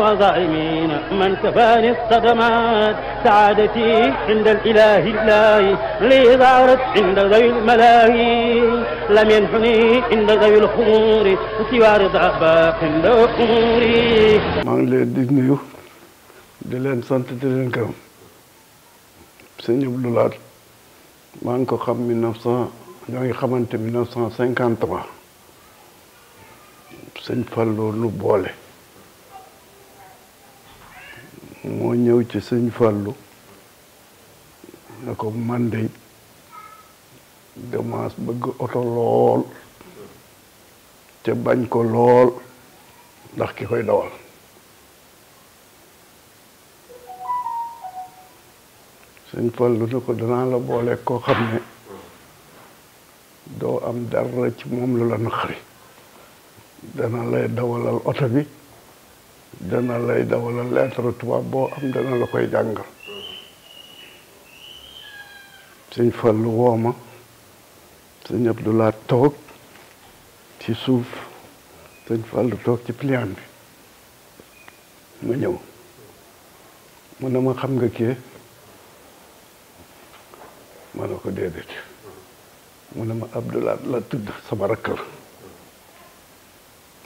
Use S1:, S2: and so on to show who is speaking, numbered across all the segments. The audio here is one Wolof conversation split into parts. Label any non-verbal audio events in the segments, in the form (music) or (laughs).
S1: وظالمين من كفاني الصدمات سعادتي عند الإله الله لي ظهرت عند ذوي الملاهي لم ينحني عند ذوي الخمور سوى رضا باق عند أموري maa maa ngi ko xam mille neuf cent ñoo ngi xamante nu boole moo ñëw ci sëñ Fallou ne ko man de bëgg oto lool te bañ ko lool ndax ki koy dawal sëñ Fallou ne ko danaa la boole koo xam ne doo am dara ci moom lu la naqari dana lay dawalal oto bi dana lay dawalal lettre tubaab boo am dana la koy jàngal sëñ lu wooma du Abdulaat toog ci suuf sëñ lu toog ci pliant bi ma ñëw mu na ma xam nga kii ma ne ko déedéet mu na ma Abdulaat la tudd sama rakk la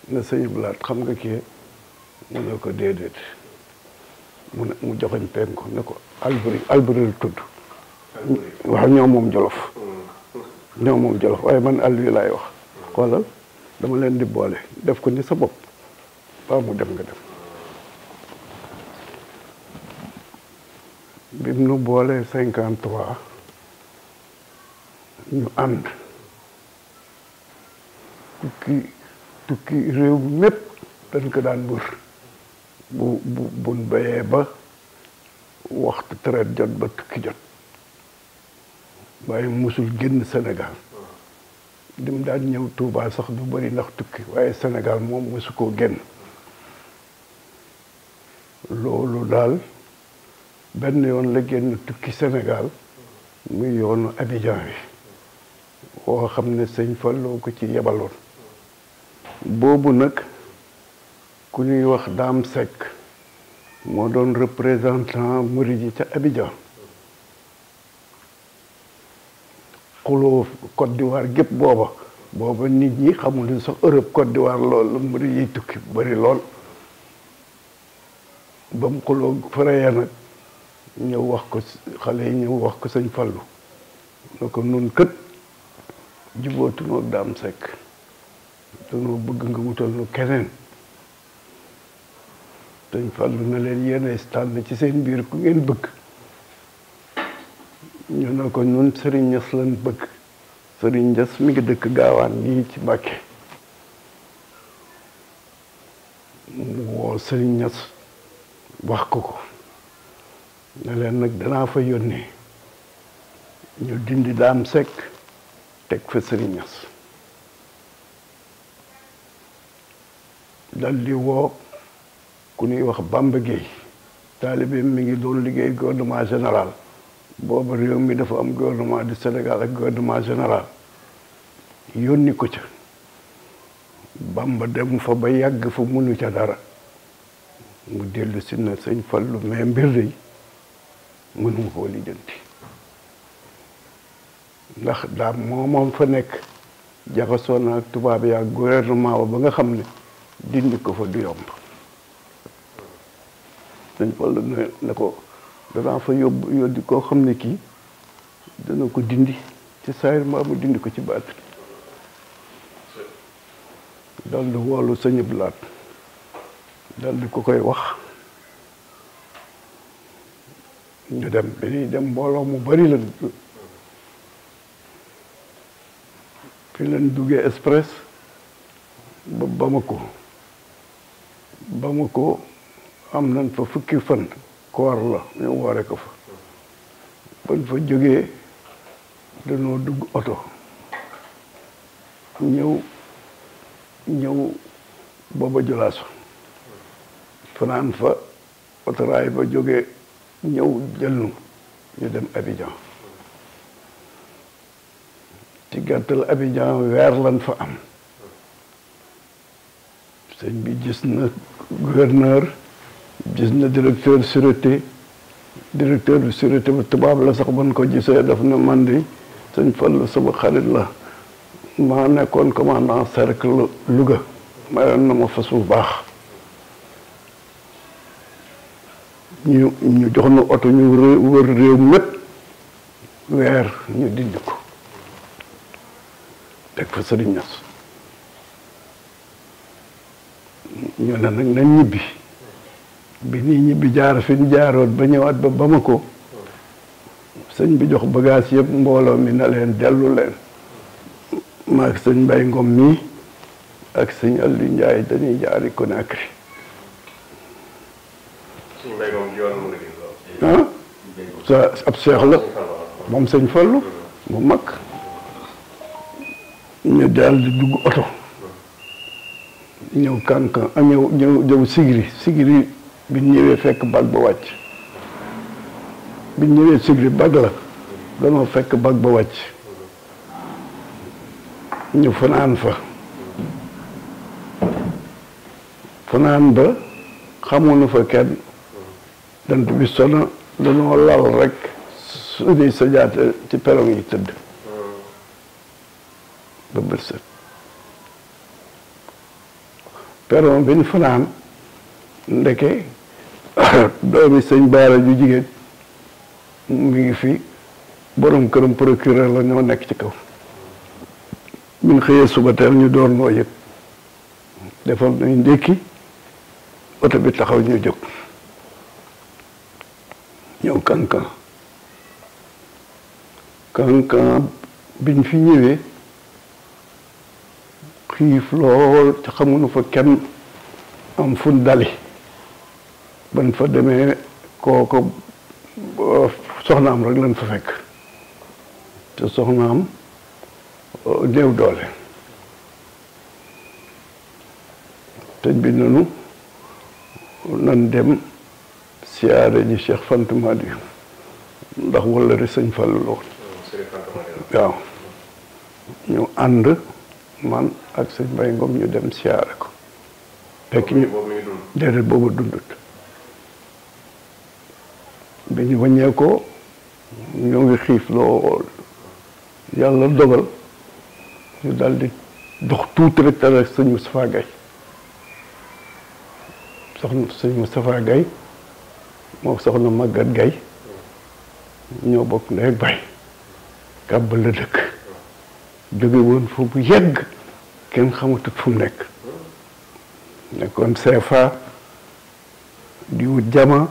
S1: ne sëñ Abdulaat xam nga kii mu ne ko déedéet mu ne mu joxoñ penku ne ko Alboury Alboury la tudd waaw ñoo moom Jolof mm. ñoo moom Jolof waaye man Alboury laay wax mm. xoolal dama leen di boole def ko ni sa bopp ba mu def nga def bi mu nu boolee cinquante trois ñu ànd tukki tukki réew mépp dañ ko daan wër bu bu buñ béyee ba waxtu traite jot ba tukki jot waaye musul génn Sénégal dim daan ñëw Touba sax du bëri ndax tukki waaye Sénégal moom musu koo génn loolu daal benn yoon la génn tukki Sénégal muy yoonu Abidjan bi woo xam ne sëñ Fallu ko ci yebaloon boobu nag ku ñuy wax Dame Seck moo doon représentant murid yi ca Abidjan xuloo di d'Ivoire gépp booba booba nit ñi xamul ni sax di Côte d'Ivoire la murid yi tukki bu bari lool ba mu xuloo faraya nag ñëw wax ko xale yi ñëw wax ko sëñ Fallu na ko nun kët jubootunoo Dame Seck dunoo bëgg nga wutal nu keneen dañ fàllu na leen yéenay tànn ci seen biir ku ngeen bëgg ñu ne ko ñun Serigne Niass lan bëgg Serigne Niass mi ngi dëkk gaawaan nii ci Mbàkke woo Serigne Niass wax ko ko ne leen nag danaa fa yónnee ñu dindi daam sekk teg fa Serigne Niass dal woo ku ñuy wax Bamba Gueye taalibe mi ngi doon liggéey gouvernement général booba réew mi dafa am gouvernement du Sénégal ak gouvernement général yónni ko ca Bamba dem fa ba yàgg fa munu ca dara mu dellu si na sëñ Fallu mais mbir day mënuma koo lijjanti ndax daam moomoom fa nekk jaxasoo na ak tubaab yi ak gouvernement ba ba nga xam ne dindi ko fa du yomb sëñ Fallu ne ko danaa fa yóbbu yóddi koo xam ne kii dana ko dindi ci saayir mbaa mu dindi ko ci baat dal di woolu sëñ Blaat dal di ko koy wax ñu dem bi ñuy dem mbooloo mu bari la fi leen duggee express ba Bamako Bamako am nañ fa fukki fan koor la ñu woore ko fa bañ fa jógee dañoo dugg oto ñëw ñëw booba jolaas fanaan fa otoraay ba jógee ñëw jëlnu ñu dem Abidjan ci gàttal Abidjan weer lan fa am sëñ bi gis na gouverneur gis na directeur sûreté directeur bi sûreté tubaab la sax ban ko gisee daf ne man di sëñ Fallu xarit la maa nekkoon commandant cercle Louga mayoon na ma fas bu baax ñu ñu jox na oto ñu wër réew mépp weer ñu dindi ko teg fa sëriñ Ñas ñu ne nag nañ ñibbi bi nii ñibbi jaar fi ñu jaaroon ba ñëwaat ba Bamako sëñ bi jox bagaas yëpp mbooloo mi na leen dellu leen maak sëñ Mbay Ngom mii ak sëñ Aliou Ndiaye dañuy jaari Conakry ah sa ab seex moom sëñ Fallu bu mag ñu daal dugg oto ñëw kànkan ah, ñëw ñëw ñëw sigiri sigiri biñ ñëwee fekk bag ba wàcc biñ ñëwee sigli bag la danoo fekk bag ba wàcc ñu fanaan fa fanaan ba xamuñu fa kenn dant bi sono danoo lal rek suñuy sajaate eh, ci perong yi tëdd ba bët set perong bi ñu fanaan ndeke doomi sëñ baara ju jigéen mi ngi fi boroom këram procureur la ñoo nekk ci kaw min xëyee suba teel ñu door noo yëg defal nañ ndékki oto bi taxaw ñu jóg ñëw kankan kankan biñ fi ñëwee xiif lool ci xamuñu fa kenn am fun dali ban fa demee kooko euh, soxnaam rek lañ fa fekk te soxnaam euh, néew doole tëj bi nanu nan dem siyaare ji Cheikh Fanta Madi ndax wala rek sëñ Fallou la waaw ñu ànd man ak sëñ Mbaye Ngom ñu dem siyaare ko fekk ñu déedéet boobu dundut ba ñu wàññee ko ñoo ngi xiif lool yàlla dogal ñu daal di dox tuuti rek tane ak sëñ Moustapha Gaye soxna sëñ Moustapha Gaye soxna Maguette Gaye ñoo bokk ndey ak baay kàbbal la dëkk jóge woon yegg kenn xamatut fu mu nekk nekkoon CFA di wut jama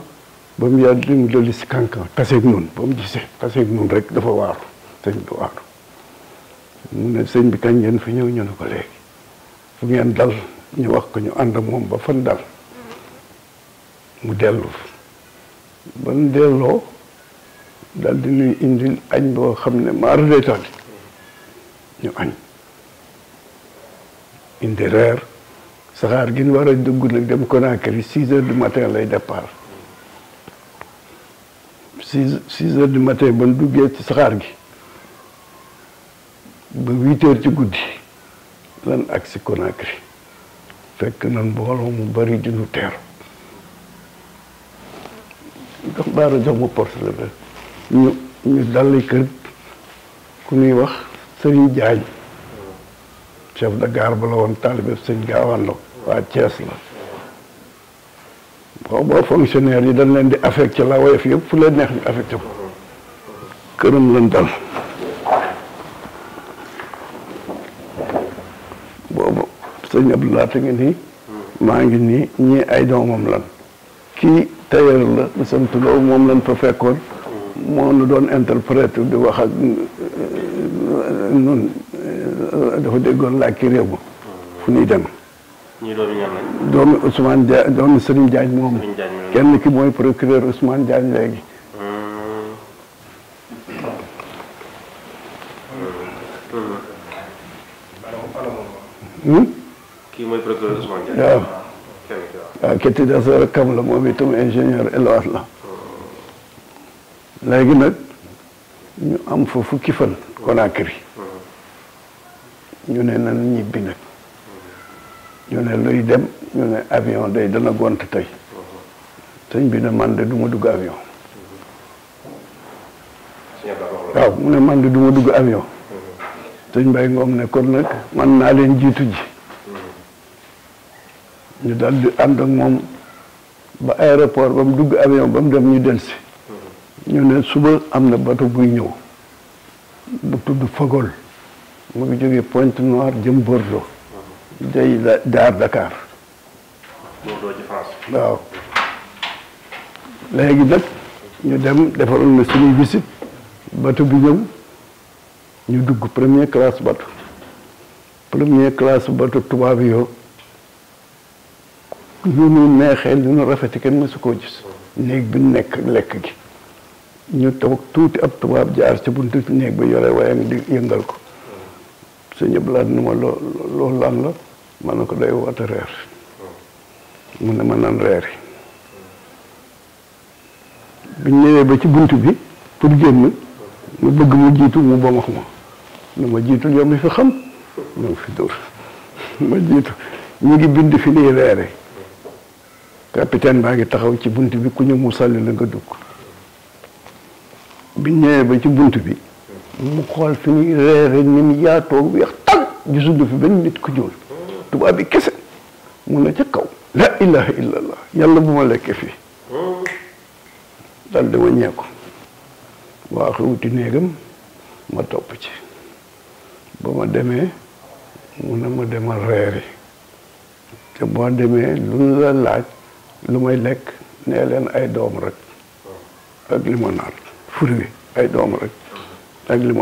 S1: ba mu yàgg mu dellu si kànkan taseeg noonu ba mu gisee taseeg noonu rek dafa waaru sëñ bi waaru mu ne sëñ bi kañ ngeen fi ñëw ñu ne ko léegi fu ngeen dal ñu wax ko ñu ànd moom ba fan dal mu dellu ba mu delloo dal di nuy indil añ boo xam ne maar deetaali ñu añ indi reer saxaar gin ñu war a dugg nag dem Conakry six heures du matin lay départ six si heures du matin ba nu duggee ci saxaar gi ba huit ci guddi lan ak si Conakry fekk nan mbooloo mu bari ju nu teeru jox baara jox ma portele ñu ñu dalli kër ku ñuy wax Sëriñ Jaañ chef da gare ba la woon taalibe Sëñ Gaawaan la waa Thiès la xaw boo fonctionnaire yi dañ leen di affecté la woyof yëpp fu leen neex ñu affecté ko këram lan dal boobu sëñ Abdoulaye ngi nii maa ngi nii ñii ay doomam lan kii tailleur la bu sant Lo moom lan fa fekkoon moo nu doon interprète bi wax ak euh, euh, nun euh, dafa déggoon làkki réew ma fu ñuy dem ñii doomi ñan lañ. doomi Ousmane Dia moomu. kenn ki mooy procureur Ousmane Diagne léegi. Hmm. Hmm? kii mooy procureur Ousmane Diagne. waaw. waaw ki ci des rakkam la moom itam ingénieur Eloas la. léegi nag ñu am fa fukki fan. Hmm. Conakry. ñu ne nan ñibbi nag. ñu ne luy dem ñu ne avion day dana gont tey sëñ bi ne man de du ma dugg avion waaw mu ne man dugg avion sëñ ne kon nag man naa leen jiitu ji ñu dal di ànd ak moom ba aéroport ba dugg avion bam dem ñu delsi ñu ne suba am na bato bu ñëw bu tudd Fogol mu ngi jógee Pointe Noire jëm Bordeaux day daar Dakar. loolu waaw léegi nag ñu dem defaroon na suñuy visite bato bi ñëw ñu dugg première classe bato première classe bato tubaab yoo ñu nu neexee li nu rafeti kenn mësu koo gis néeg bi nekk lekk gi ñu toog tuuti ab tubaab jaar ci buntu néeg bi yore waaye di yëngal ko suñu blaat nu ma loo loolu lan la ma ne ko day woote reer mu ne ma nan reeri biñ ñëwee ba ci bunt bi pour génn ma bëgg mu jiitu mu bomax ma ne ma jiitul yow mi fi xam ma fi dóor (laughs) ma jiitu ñu ngi bind fi nii reere capitaine baa ngi taxaw ci bunt bi ku ñu mu sàlli la nga dugg biñ ñëwee ba ci bunt bi mu xool fi ni reere ni mu yaatoo weex tag gisuñu fi benn nit ku ñuul Tuubaa bi kese na ca kaw la ilaha illallah yàlla bu ma lekkee néegam ma topp ci ba ma demee mun na ma demal reeri te boo demee lu la laaj lu may lekk nee leen ay doom rek ak li ma ay doom rek ak li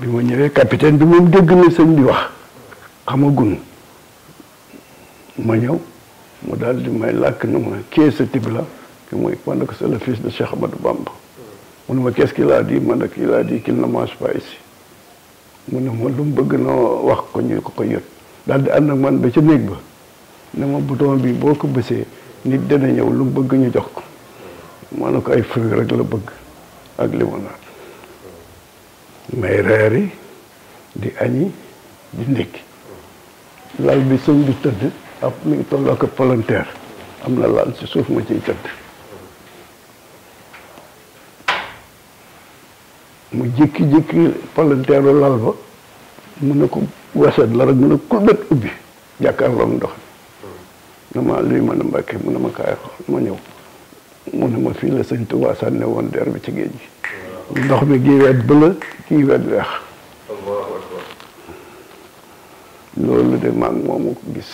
S1: bi ma ñëwee capitaine bi moom dégg na sëñ bi wax xamagun ma ñëw mu daal di may làkk na ma kees a tibla que mooy ma ne ko c'est le fils de Cheikh Ahmadou Bamba mu ne ma qu'est-ce qu'il a dit ma ne qu'il a mu ne ma lu mu bëgg noo wax ko ñu ko ko yot daal di ànd ak man ba ca néeg ba ne ma bouton bi boo ko bësee nit dana ñëw lu mu bëgg ñu jox ko ma ko ay fruits rek la bëgg ak limonade may reeri di añi di ndékki lal bi sëñ bi tëdd ak mi ngi tolloo ko palanteer am na lal ci suuf ma ciy tëdd mu jékki-jékki palanteeru lal ba mu ne ko weset la rek mu ne ko bët ubbi jàkkaarloog ndox mi ne ma luy mën a mbàkke mu ne ma kaay xool ma ñëw mu ne ma fii la sëñ Tuubaa sànne woon der bi ci géej gi ndox mi gii wet bëla kii wet weex loolu de maag moomu ko gis.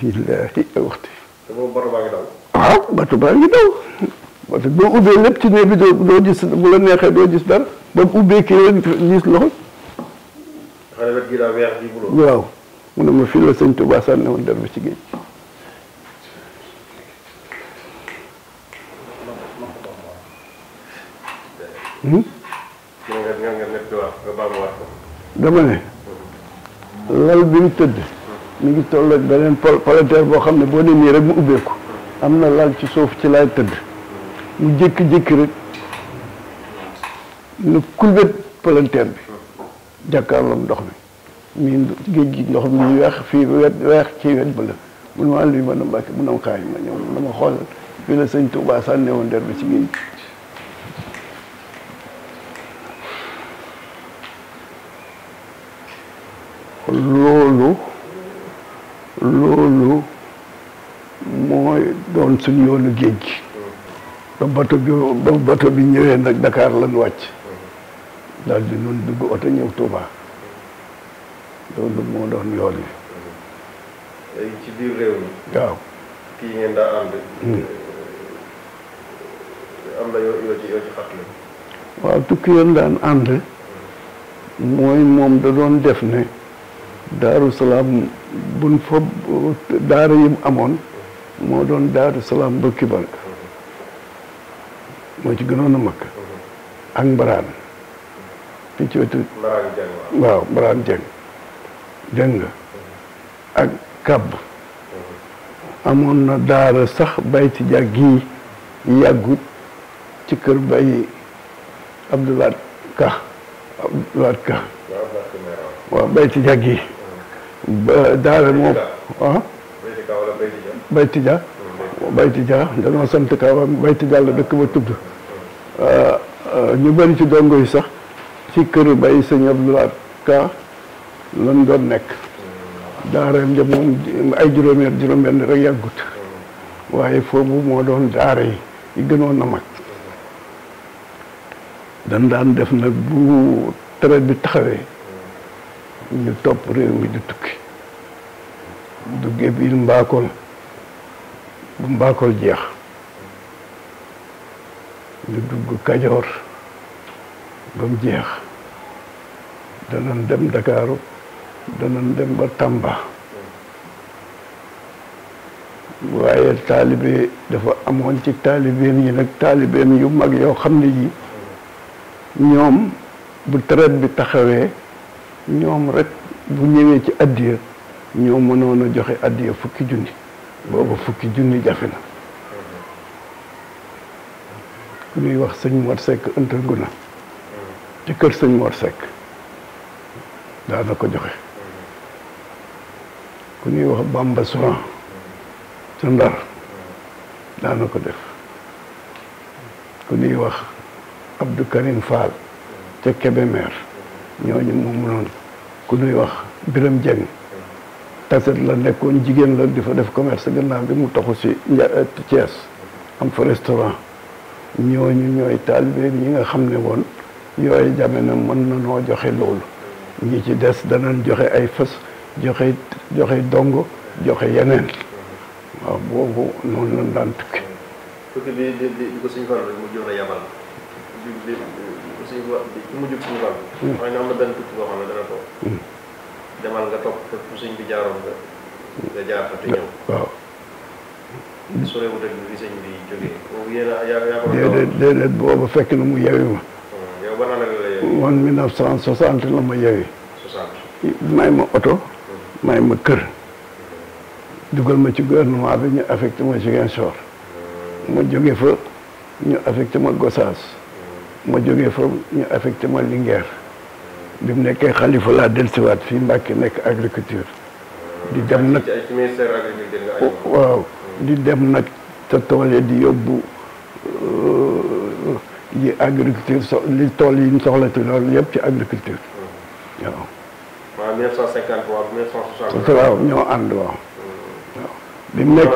S1: billaahi waxtu. te boobu bato baa ngi daw. waaw ah, bato boo ubbee lépp ci néeg bi doo doo bu la neexee doo gis dara ba ubbee kii rek waaw mu ne ma fii la sëñ Touba sànni woon der bi ci géej. Hmm? dama ne. lal bi mu tëdd mu ngi toll beneen palanteer boo xam ne boo ne nii rek mu ubbeeku am na lal ci suuf ci laay tëdd mu jékki-jékki rek nu kulbet palanteer bi jàkkaarloog ndox mi mii géej gi ndox mi weex fii wet weex ci wet ba la mun ma lii ma na mbàkke mun am yi ma ñëw dama xoolal fii la sëñ Tuubaa sànne woon der bi ci géej loolu loolu mooy doon suñu yoonu géej ba bato bi ñëwee nag Dakar lañ wàcc daal di nun dugg oto ñëw Touba loolu moo doon yoon wi. ci biir réew mi. Hmm. Eh, waaw tukki yoon daan ànd mooy moom da doon def ne. daaru salaam buñ fob daara amoon moo doon daaru salaam ba moo ci gënoon a mag ak mbaraan fii ci wetu waaw mbaraan jeng dégg ak kàbb amoon na daara sax bay ci jàg gii ci kër bay abdoulaat ka abdoulaat ka waaw bay ci jàg daara moom ah bayti ja bayti ja danoo sant kaw bayti ja la dëkk ba tudd ah, ñu bëri ci dongo yi sax ci këru bay sëñ Abdoulaye Ka lan doon nekk daaram ja moom ay juróomeer juróom-benn rek yàggut waaye foofu moo doon daara yi yi gënoon na mag dan daan def nag bu traite bi taxawee ñu topp réew mi di tukki duggee biir mbaakol bu mbaakol jeex ñu dugg kajoor ba mu jeex danañ dem Ndakaaru danañ dem ba Tamba waaye taalibe dafa amoon ci taalibeem yi nag taalibeem yu mag yoo xam ne yi ñoom bu traite bi taxawee ñoom rekk bu ñëwee ci addiya ñoo mënoon a joxe addiya fukki junni boobu fukki junni jafe na ku ñuy wax sëñ Mor Seck ëntal guna ci kër sëñ Mor sekk daana ko joxe ku ñuy wax Bamba Souran ca Ndar daana ko def ku ñuy wax Abdou Karim Fall ca kebemeer ñooñu moom noonu ku ñuy wax Biram Jeng taset la nekkoon jigéen la di fa def commerce gannaaw bi mu taxu si eh, Thiès am fa restaurant ñooñu ñooy taalibe ñi nga xam ne woon yooyu jamono mën na noo joxe loolu ñi ci des danañ joxe ay fës joxe joxe dongo joxe yeneen waaw boobu noonu lañ daan tukki si wax bi ci na waaw. déedéet déedéet boobu fekk na mu yewi ma. Hmm, yow ban année la la ma yewi. may ma oto. Hmm. may ma kër. dugal ma ci gouvernement bi ñu affecté ma Ziguinchor. Hmm. ma jóge fa ñu affecté ma Gossas. moo jógee fa ñu affecté ma Linguère bi mu nekkee xalifa laa dellusiwaat fii Mbàkke nekk agriculture di dem nag waaw di dem nag te tool yi di yóbbu euh, yi agriculture so li tool yi ñu soxlati loolu yëpp ci agriculture mm-hmm. waaw. waaw ñoo ànd waaw. Mm-hmm. bi mu nekk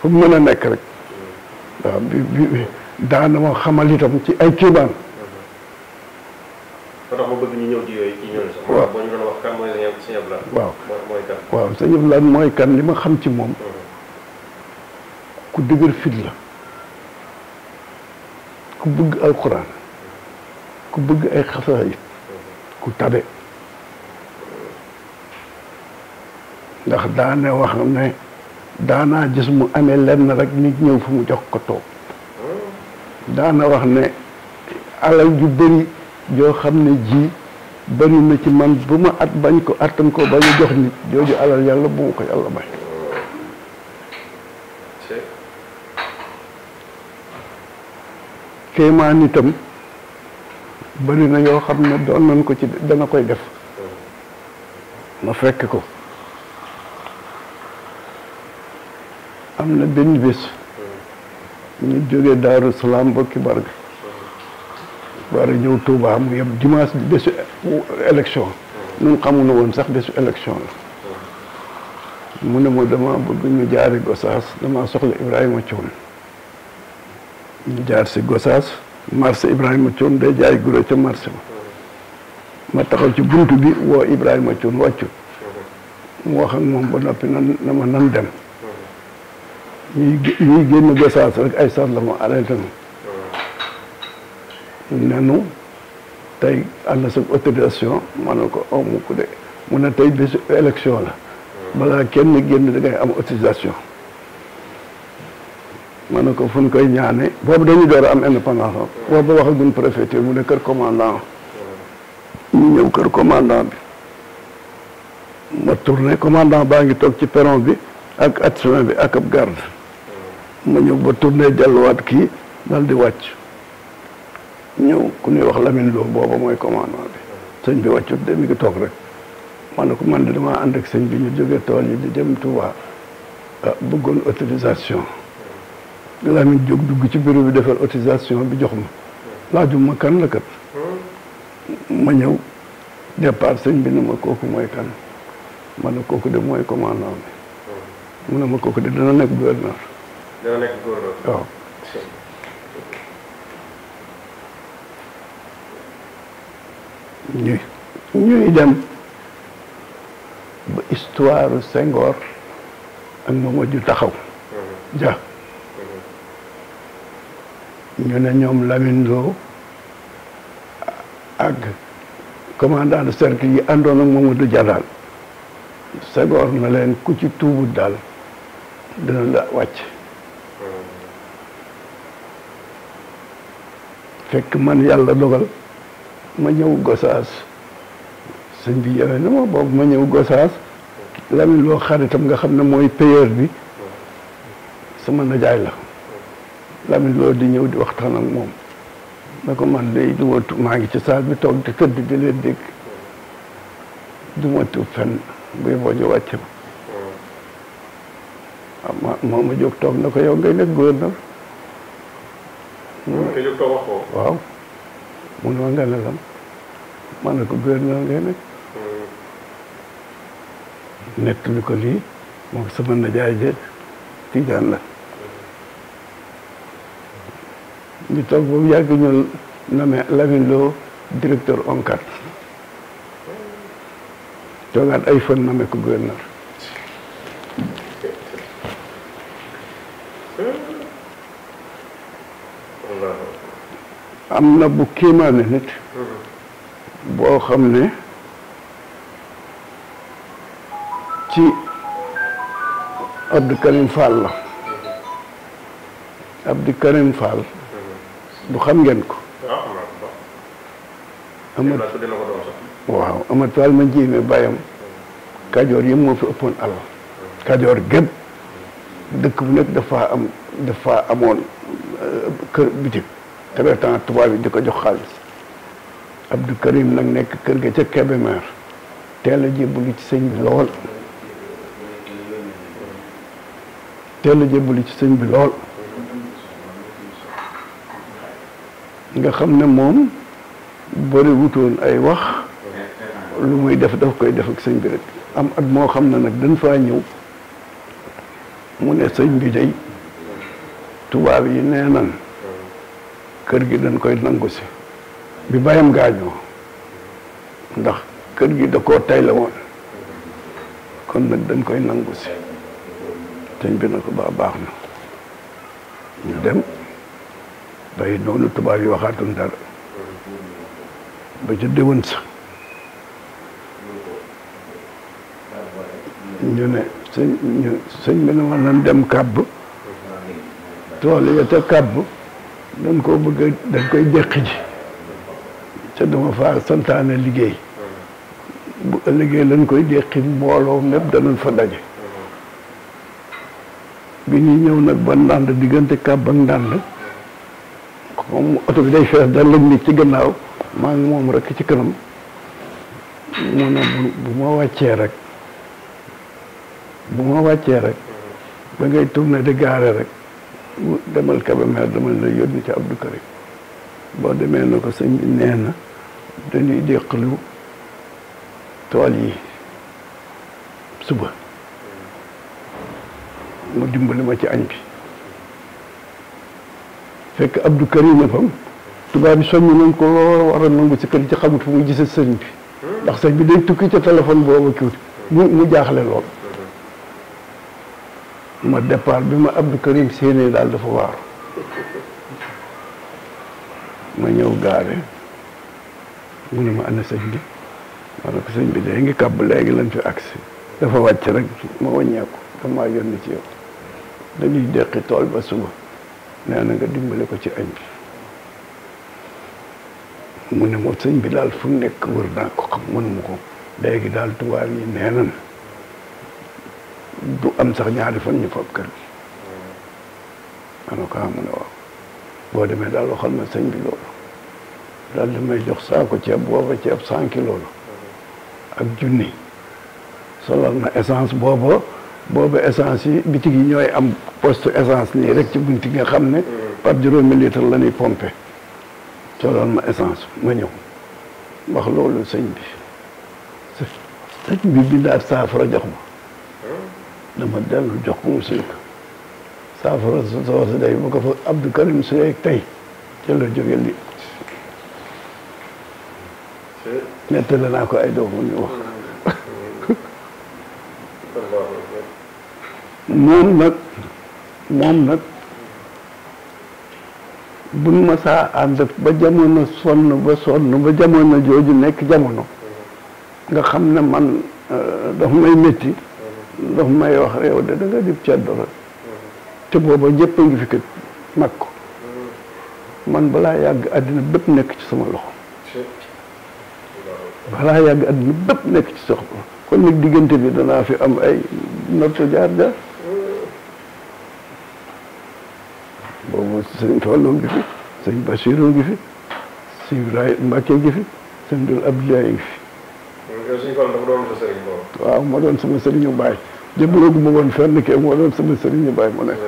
S1: fu mu mën nekk rek. Mm-hmm. waaw bi bi daana ma ci ay kiibaan. moo tax ñu ñëw ci yooyu ci ñooñu sax. waaw boo ñu mooy kan. li ma xam ci moom. Mm-hmm. ku dëgër fit la. ku bëgg alxuraan. ku bëgg ay xasaayit. Mm-hmm. ku tabe. ndax daane wax ne daanaa gis mu amee lenn rek nit ñëw fu mu jox ko toog. Mm-hmm. daana wax ne alal ju bëri. joo xam ne jii bari ci man bu ma at bañ ko attan ko bañ a jox nit jooju alal yàlla bu ma ko yàlla may kéemaan itam bari na yoo xam ne doon nañ ko ci dana koy def ma fekk ko am na benn bés ñu jógee Daaru Salaam ba Kibar ga war a ñëw tuubaa mu yem dimanche bi bésu élection ñun xamuñu woon sax bésu élection la mu ne ma dama bëgg ñu jaari Gosaas dama soxla Ibrahima Thion ñu jaar si Gosaas marché Ibrahima Thion day jaay guro ca marché ma ma taxaw ci buntu bi woo Ibrahima Thion wàccut mu wax moom ba noppi nan na ma nan dem ñuy génn Gosaas rek ay sar la ma arrêté nenu tey am na sa autorisation ma ko aw mukk de mu ne tey bisu élection la balaa kenn génn da am autorisation ma ne ko fun ñu koy ñaane boobu dañu door a am indépendance boobu wax agun préfecture mu ne kër commandant ñu ñëw kër commandant bi ma tourné commandant baa ngi toog ci perron bi ak adjoint bi ak ab garde ma ñëw ba tourné delluwaat kii dal di wàcc ñëw ku ñuy wax Lamine Lo booba mooy commandement bi sëñ bi wàccut de mi ngi toog rek man ne ko man de damaa ànd ak sëñ bi ñu jógee tool yi di jëm Touba ah, bëggoon autorisation Lamine jóg dugg ci bureau bi defal autorisation bi jox ma laajum ma kan la kat ma ñëw départ sëñ bi ne ma kooku mooy kan ma ne kooku de mooy commandement bi mu ne ma kooku de dana nekk gouverneur ñu ñuy dem ba histoire Senghor ak Mamadou taxaw mm-hmm. ja mm-hmm. ñu ne ñoom Lamine Lo ak commandant de cercle yi àndoon ak Mamadou Dia daal Senghor na leen ku ci tuubut daal dina la wàcc mm-hmm. fekk man yàlla dogal ma ñëw Gosaas sëñ bi yewee na ma boobu ma ñëw Gosaas Lamine loo xaritam nga xam ne mooy payeur bi sama najaay la Lamine loo di ñëw di waxtaan ak moom na ko man day du ma tu maa ngi ci saal bi toog di tëdd di leen dégg du ma tu fenn buy boo ñu wàcce ma ah, moo ma jóg toog na ko yow ngay nekk gouverneur. mu ne ma nga ne lan ma ne ko gouverneur ngay nekk nett li ko lii moom sama nijaay je tijaan la ñu toog ba yàgg ñu nommé Lamine Lo directeur ONCAD toogaat ay fan nommé ko gouverneur am na bu kéemaane nit boo xam ne ci Abdou Karim Fall la Abdou Karim Fall xam ngeen ko amat waaw amat Fall ma njéemé bàyyam kajoor yëpp moo fi ëppoon alal kajoor gépp dëkk bu nekk dafa am dafa amoon euh, kër entre temps tubaab bi di ko jox xaalis Abdou Karim nag nekk kër gi ca Kébémer teel a jébbalu ci sëñ bi lool teel a jébbalu ci sëñ bi lool nga xam ne moom bëri wutoon ay wax lu muy def daf koy def ak sëñ bi rek am at moo xam ne nag dañ faa ñëw mu ne sëñ bi day tubaab yi nee nan kër gi dañ koy nangu si bi bayam gaañoo ndax kër gi da koo tay la woon kon nag dañ koy nangu si sëñ bi na ko ba baax na ñu dem bàyyi noonu tubaab yi waxaatuñ dara ba ca déwén sa ñu ne sëñ ñu sëñ bi na war nañ dem kàbb tool ya kàbb dañ koo bëgg a koy jeqi ji te dama faa santaane liggéey bu ëllëgee lañ koy jeqi mbooloo mépp danañ fa daje bi ñuy ñëw nag ba ndànd diggante kàbb ak ndànd comme oto bi day fees dal lañ nit ci gannaaw maa ngi moom rek ci kanam mu ne bu ma wàccee rek bu ma wàccee rek ba ngay tourné di gaare rek demal Kébémer demal la yónni ci Abdou Karim boo demee na ko sëñ bi nee na dañuy déqalu tool yi suba mu dimbali ma ci añ bi fekk Abdou Karim na fam tubaab bi soññ nañ ko war a nangu si kër ci xamut fu mu gisee sëñ bi ndax sëñ bi day tukki ca téléphone boobu kiwut mu mu jaaxle lool ma départ bi ma Abdou Karim séenée daal dafa waaru ma ñëw gaare mu ne ma ana sëñ bi ma ne ko bi de ngi kàbb léegi lañ fi agsi dafa wàcc rek ma wàññeeku damaa yónni ci yow dañuy deqi tool ba suba nee na nga dimbale ko ci añ bi mu ne ma sëñ bi daal fu nekk wër naa ko xam mënuma ko léegi daal tubaab yi nee am sax ñaari fan ñu fab kër gi ma ne ah, mu ne waaw boo demee daal waxal ma sëñ bi loolu daal di may jox saako ceeb booba ceeb cent kilos la ak junni solal na essence booba booba essence yi bitig yi ñooy am poste essence nii rek ci bunti nga xam ne par juróomi litre la ñuy pompé solal ma essence ma ñëw wax loolu sëñ bi sëñ bi bindaat saafara jox ma dama dellu jox ko mu sëñ ko saafara soo si day bu ko fa Abdou tey ca la jóge lii nettali naa ko ay doomu ñu wax moom nag moom nag bu masaa saa ba jamono sonn ba sonn ba jamono jooju nekk jamono nga xam ne man eh, daf may métti daf may wax yow de da nga dib ceddo rek te booba ñëpp a ngi fi kat mag ko man balaa yàgg àddina bépp nekk ci sama loxo balaa yàgg àddina bépp nekk ci sox kon nag diggante bi danaa fi am ay norto jaar jaar boobu sëñ Fallu ngi fi sëñ Basiru ngi fi sëñ Ibrahima Mbàkke ngi fi sëñ Dul Abdoulaye ngi fi yow suñu Fallu dafa doon sa sëriñ boobu. waaw moo doon ma woon fenn kii moo doon sama sëriñu baay mu nekk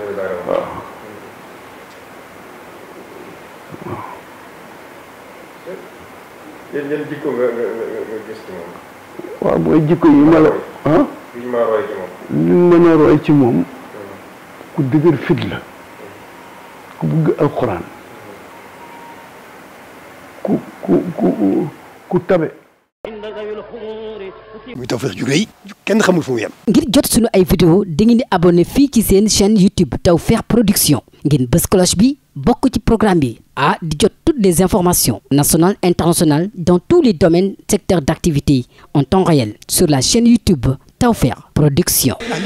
S1: jikko yi ma la ah. li ma roy ci moom. li ci moom. Hmm. ku dëgër fit ku bëgg alxuraan. Hmm. ku ku tabe. muy Tawfekh jugee yi kenn xamul fu mu yem. ngir jot sunu ay vidéo dangeen di abonné fii ci seen chaîne YouTube Tawfekh Production ngeen bës cloche bi bokk ci programme bi a ah, di jot toutes des informations nationales internationales dans tous les domaines secteurs d'activité en temps réel sur la chaîne YouTube Tawfekh Production. Ah,